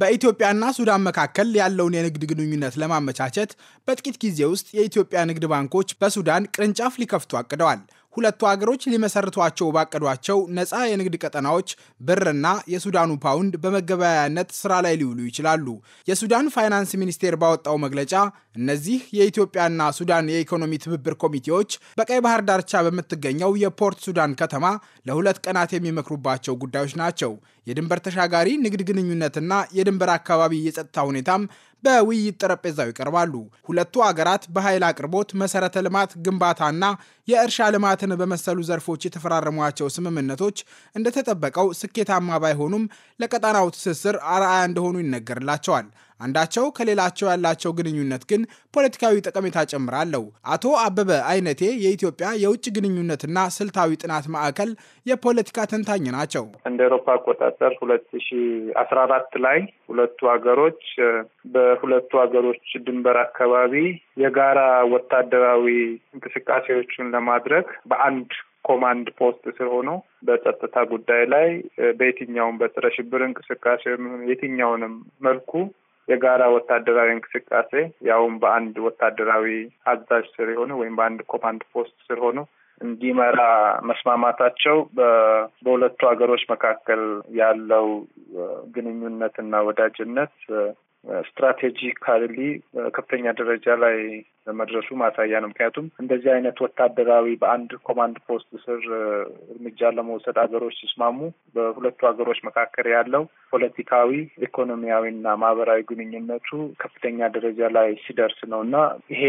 በኢትዮጵያና ሱዳን መካከል ያለውን የንግድ ግንኙነት ለማመቻቸት በጥቂት ጊዜ ውስጥ የኢትዮጵያ ንግድ ባንኮች በሱዳን ቅርንጫፍ ሊከፍቱ አቅደዋል። ሁለቱ አገሮች ሊመሰርቷቸው ባቀዷቸው ነፃ የንግድ ቀጠናዎች ብርና የሱዳኑ ፓውንድ በመገበያያነት ስራ ላይ ሊውሉ ይችላሉ። የሱዳን ፋይናንስ ሚኒስቴር ባወጣው መግለጫ እነዚህ የኢትዮጵያና ሱዳን የኢኮኖሚ ትብብር ኮሚቴዎች በቀይ ባህር ዳርቻ በምትገኘው የፖርት ሱዳን ከተማ ለሁለት ቀናት የሚመክሩባቸው ጉዳዮች ናቸው። የድንበር ተሻጋሪ ንግድ ግንኙነትና የድንበር አካባቢ የጸጥታ ሁኔታም በውይይት ጠረጴዛው ይቀርባሉ። ሁለቱ አገራት በኃይል አቅርቦት፣ መሰረተ ልማት ግንባታና የእርሻ ልማትን በመሰሉ ዘርፎች የተፈራረሟቸው ስምምነቶች እንደተጠበቀው ስኬታማ ባይሆኑም ለቀጣናው ትስስር አርአያ እንደሆኑ ይነገርላቸዋል። አንዳቸው ከሌላቸው ያላቸው ግንኙነት ግን ፖለቲካዊ ጠቀሜታ ጨምራለሁ። አቶ አበበ አይነቴ የኢትዮጵያ የውጭ ግንኙነትና ስልታዊ ጥናት ማዕከል የፖለቲካ ተንታኝ ናቸው። እንደ ኤሮፓ አቆጣጠር ሁለት ሺ አስራ አራት ላይ ሁለቱ ሀገሮች በሁለቱ ሀገሮች ድንበር አካባቢ የጋራ ወታደራዊ እንቅስቃሴዎችን ለማድረግ በአንድ ኮማንድ ፖስት ስር ሆኖ በጸጥታ ጉዳይ ላይ በየትኛውም በጥረ ሽብር እንቅስቃሴ የትኛውንም መልኩ የጋራ ወታደራዊ እንቅስቃሴ ያውም በአንድ ወታደራዊ አዛዥ ስር የሆኑ ወይም በአንድ ኮማንድ ፖስት ስር ሆኑ እንዲመራ መስማማታቸው በሁለቱ ሀገሮች መካከል ያለው ግንኙነትና ወዳጅነት ስትራቴጂካሊ ከፍተኛ ደረጃ ላይ መድረሱ ማሳያ ነው። ምክንያቱም እንደዚህ አይነት ወታደራዊ በአንድ ኮማንድ ፖስት ስር እርምጃ ለመውሰድ ሀገሮች ሲስማሙ በሁለቱ ሀገሮች መካከል ያለው ፖለቲካዊ፣ ኢኮኖሚያዊና ማህበራዊ ግንኙነቱ ከፍተኛ ደረጃ ላይ ሲደርስ ነው እና ይሄ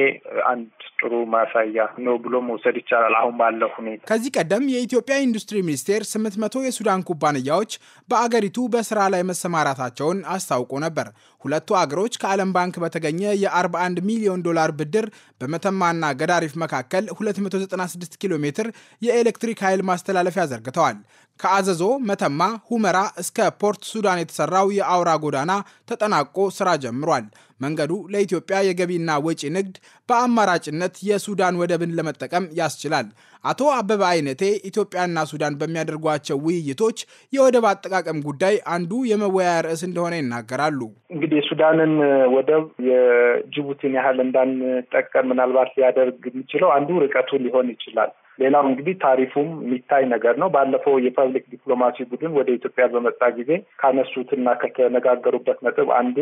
አንድ ጥሩ ማሳያ ነው ብሎ መውሰድ ይቻላል። አሁን ባለው ሁኔታ ከዚህ ቀደም የኢትዮጵያ ኢንዱስትሪ ሚኒስቴር ስምንት መቶ የሱዳን ኩባንያዎች በአገሪቱ በስራ ላይ መሰማራታቸውን አስታውቆ ነበር። ሁለቱ አገሮች ከዓለም ባንክ በተገኘ የ41 ሚሊዮን ዶላር ብድር ሜትር በመተማና ገዳሪፍ መካከል 296 ኪሎ ሜትር የኤሌክትሪክ ኃይል ማስተላለፊያ ዘርግተዋል። ከአዘዞ መተማ፣ ሁመራ እስከ ፖርት ሱዳን የተሰራው የአውራ ጎዳና ተጠናቆ ስራ ጀምሯል። መንገዱ ለኢትዮጵያ የገቢና ወጪ ንግድ በአማራጭነት የሱዳን ወደብን ለመጠቀም ያስችላል። አቶ አበበ አይነቴ ኢትዮጵያና ሱዳን በሚያደርጓቸው ውይይቶች የወደብ አጠቃቀም ጉዳይ አንዱ የመወያያ ርዕስ እንደሆነ ይናገራሉ። እንግዲህ የሱዳንን ወደብ የጅቡቲን ያህል እንዳንጠቀም ምናልባት ሊያደርግ የሚችለው አንዱ ርቀቱ ሊሆን ይችላል። ሌላው እንግዲህ ታሪፉም የሚታይ ነገር ነው። ባለፈው የፐብሊክ ዲፕሎማሲ ቡድን ወደ ኢትዮጵያ በመጣ ጊዜ ካነሱትና ከተነጋገሩበት ነጥብ አንዱ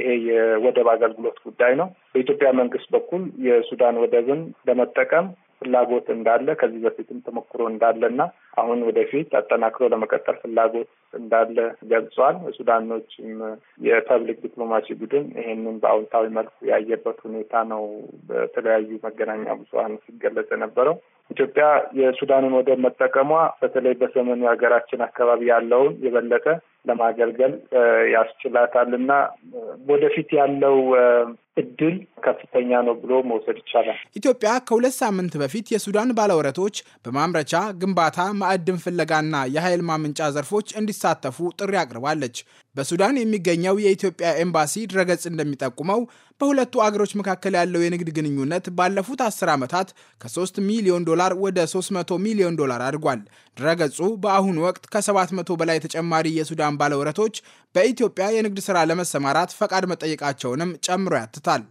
ይሄ የወደብ አገልግሎት ጉዳይ ነው። በኢትዮጵያ መንግስት በኩል የሱዳን ወደብን ለመጠቀም ፍላጎት እንዳለ ከዚህ በፊትም ተሞክሮ እና አሁን ወደፊት አጠናክሮ ለመቀጠል ፍላጎት እንዳለ ገልጿል። ሱዳኖችም የፐብሊክ ዲፕሎማሲ ቡድን ይሄንን በአውንታዊ መልኩ ያየበት ሁኔታ ነው በተለያዩ መገናኛ ብዙኃን ሲገለጽ የነበረው። ኢትዮጵያ የሱዳንን ወደብ መጠቀሟ በተለይ በሰሜኑ የሀገራችን አካባቢ ያለውን የበለጠ ለማገልገል ያስችላታል እና ወደፊት ያለው እድል ከፍተኛ ነው ብሎ መውሰድ ይቻላል። ኢትዮጵያ ከሁለት ሳምንት በፊት የሱዳን ባለውረቶች በማምረቻ ግንባታ፣ ማዕድን ፍለጋና የኃይል ማመንጫ ዘርፎች እንዲሳተፉ ጥሪ አቅርባለች። በሱዳን የሚገኘው የኢትዮጵያ ኤምባሲ ድረገጽ እንደሚጠቁመው በሁለቱ አገሮች መካከል ያለው የንግድ ግንኙነት ባለፉት አስር ዓመታት ከ3 ሚሊዮን ዶላር ወደ 300 ሚሊዮን ዶላር አድጓል። ድረገጹ በአሁኑ ወቅት ከ700 በላይ ተጨማሪ የሱዳን ባለውረቶች በኢትዮጵያ የንግድ ሥራ ለመሰማራት ፈቃድ መጠየቃቸውንም ጨምሮ ያትታል። አብራርተውታል።